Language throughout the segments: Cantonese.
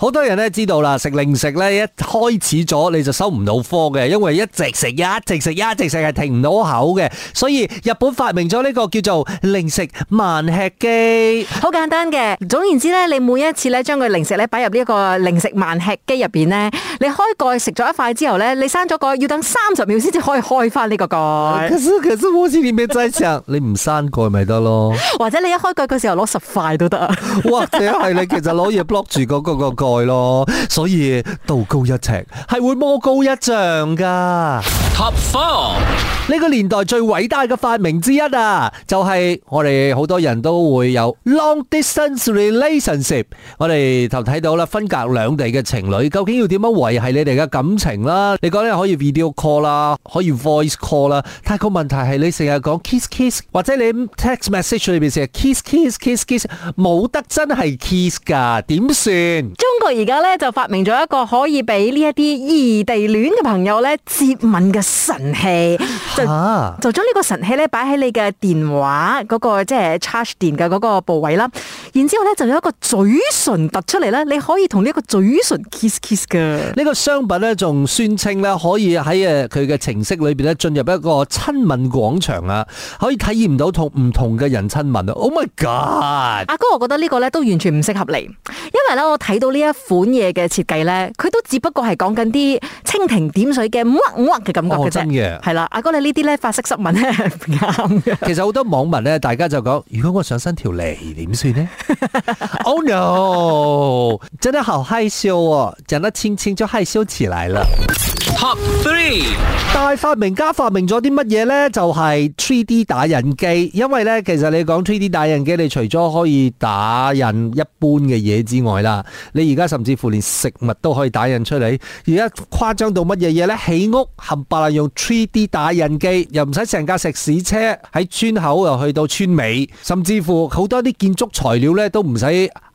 好多人咧知道啦，食零食咧一開始咗你就收唔到科嘅，因為一直食一直食一直食係停唔到口嘅，所以日本發明咗呢個叫做零食慢吃機。好簡單嘅，總言之咧，你每一次咧將個零食咧擺入呢個零食慢吃機入邊咧，你開蓋食咗一塊之後咧，你閂咗蓋要等三十秒先至可以開翻呢個蓋。其實 好似我知點樣食， 你唔閂蓋咪得咯？或者你一開蓋嘅時候攞十塊都得啊？ 或者係你其實攞嘢 block 住嗰個個個。來咯，所以道高一尺，係會魔高一丈㗎。Top four 呢個年代最偉大嘅發明之一啊，就係、是、我哋好多人都會有 long distance relationship。我哋頭睇到啦，分隔兩地嘅情侶，究竟要點樣維繫你哋嘅感情啦？你覺得可以 video call 啦，可以 voice call 啦，但係個問題係你成日講 kiss kiss，或者你 text message 裏邊成日 kiss kiss kiss kiss，冇得真係 kiss 噶，點算？中國而家咧就發明咗一個可以俾呢一啲異地戀嘅朋友咧接吻嘅。神器就就將呢個神器咧擺喺你嘅電話嗰個即係 charge 電嘅嗰個部位啦，然之後咧就有一個嘴唇突出嚟咧，你可以同呢一個嘴唇 kiss kiss 嘅。呢個商品咧仲宣稱咧可以喺誒佢嘅程式裏邊咧進入一個親吻廣場啊，可以體驗到同唔同嘅人親吻啊！Oh my god！阿哥，我覺得呢個咧都完全唔適合你。因為咧，我睇到呢一款嘢嘅設計咧，佢都只不過係講緊啲蜻蜓點水嘅乜乜嘅感覺嘅啫。係啦、哦，阿哥你呢啲咧法式濕吻咧，啱 嘅的。其實好多網民咧，大家就講，如果我上身條脷點算咧？Oh no！真係好害羞哦，講到清清就害羞起來了。Top three，大發明家發明咗啲乜嘢呢？就係 3D 打印機，因為呢，其實你講 3D 打印機，你除咗可以打印一般嘅嘢之外啦，你而家甚至乎連食物都可以打印出嚟。而家誇張到乜嘢嘢呢？起屋冚唪唥用 3D 打印機，又唔使成架石屎車喺村口又去到村尾，甚至乎好多啲建築材料呢都唔使。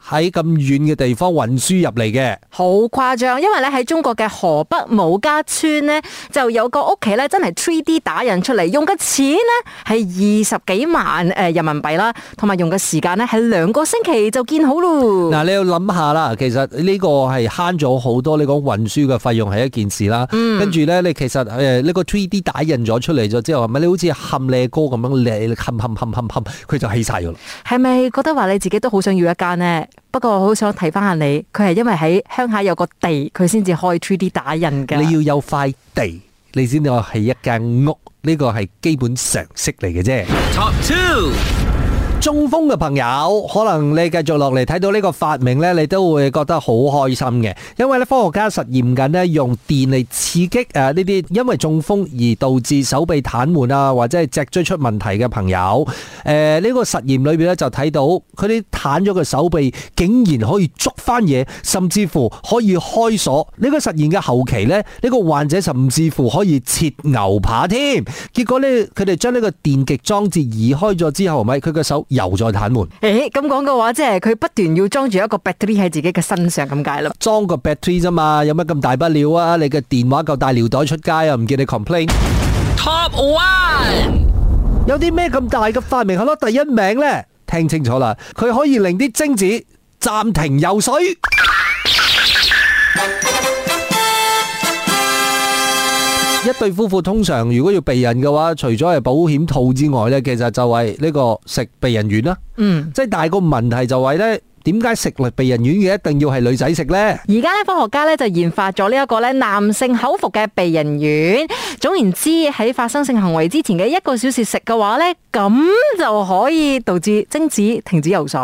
喺咁遠嘅地方運輸入嚟嘅，好誇張，因為咧喺中國嘅河北武家村咧，就有個屋企咧，真係 3D 打印出嚟，用嘅錢呢係二十幾萬誒人民幣啦，同埋用嘅時間咧係兩個星期就建好咯。嗱、啊，你要諗下啦，其實呢個係慳咗好多，你講運輸嘅費用係一件事啦，跟住咧你其實誒呢、呃、個 3D 打印咗出嚟咗之後，係咪你好似冚你個哥咁樣你冚冚冚冚佢就起晒咗啦。係咪覺得話你自己都好想要一間呢？不過我好想睇翻下你，佢係因為喺鄉下有個地，佢先至開 3D 打印噶。你要有塊地，你先至話係一間屋，呢個係基本常識嚟嘅啫。Top Two。中風嘅朋友，可能你繼續落嚟睇到呢個發明呢，你都會覺得好開心嘅，因為呢，科學家實驗緊呢，用電力刺激誒，呢啲因為中風而導致手臂癱瘓啊，或者係脊椎出問題嘅朋友。誒、呃、呢、呢個實驗裏邊呢，就睇到佢啲癱咗嘅手臂竟然可以捉翻嘢，甚至乎可以開鎖。呢、呢個實驗嘅後期呢，呢、呢個患者甚至乎可以切牛扒添。結果呢，佢哋將呢個電極裝置移開咗之後，咪佢嘅手又再癱瘓，誒咁講嘅話，即係佢不斷要裝住一個 battery 喺自己嘅身上咁解咯，裝個 battery 咋嘛？有乜咁大不了啊？你嘅電話夠帶尿袋出街啊，唔見你 complain。Top one，有啲咩咁大嘅發明係攞第一名呢？聽清楚啦，佢可以令啲精子暫停游水。 一對夫婦通常如果要避孕嘅話，除咗係保險套之外呢，其實就係呢、呢個食避孕丸啦。嗯，即係大係個問題就係、是、呢。點解食避孕丸嘅，一定要係女仔食咧？而家咧，科學家咧就研發咗呢一個咧男性口服嘅避孕丸。總言之，喺發生性行為之前嘅一個小時食嘅話咧，咁就可以導致精子停止游水。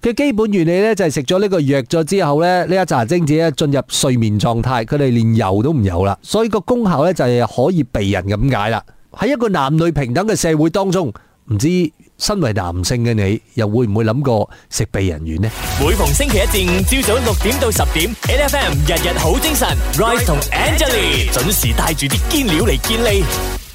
佢基本原理咧就係食咗呢個藥咗之後咧，呢一紮精子咧進入睡眠狀態，佢哋連游都唔游啦。所以個功效咧就係可以避孕咁解啦。喺一個男女平等嘅社會當中，唔知。身為男性嘅你，又會唔會諗過食避孕丸呢？每逢星期一至五朝早六點到十點，NFM 日日好精神，Rice 同 Angelie 準時帶住啲堅料嚟健利。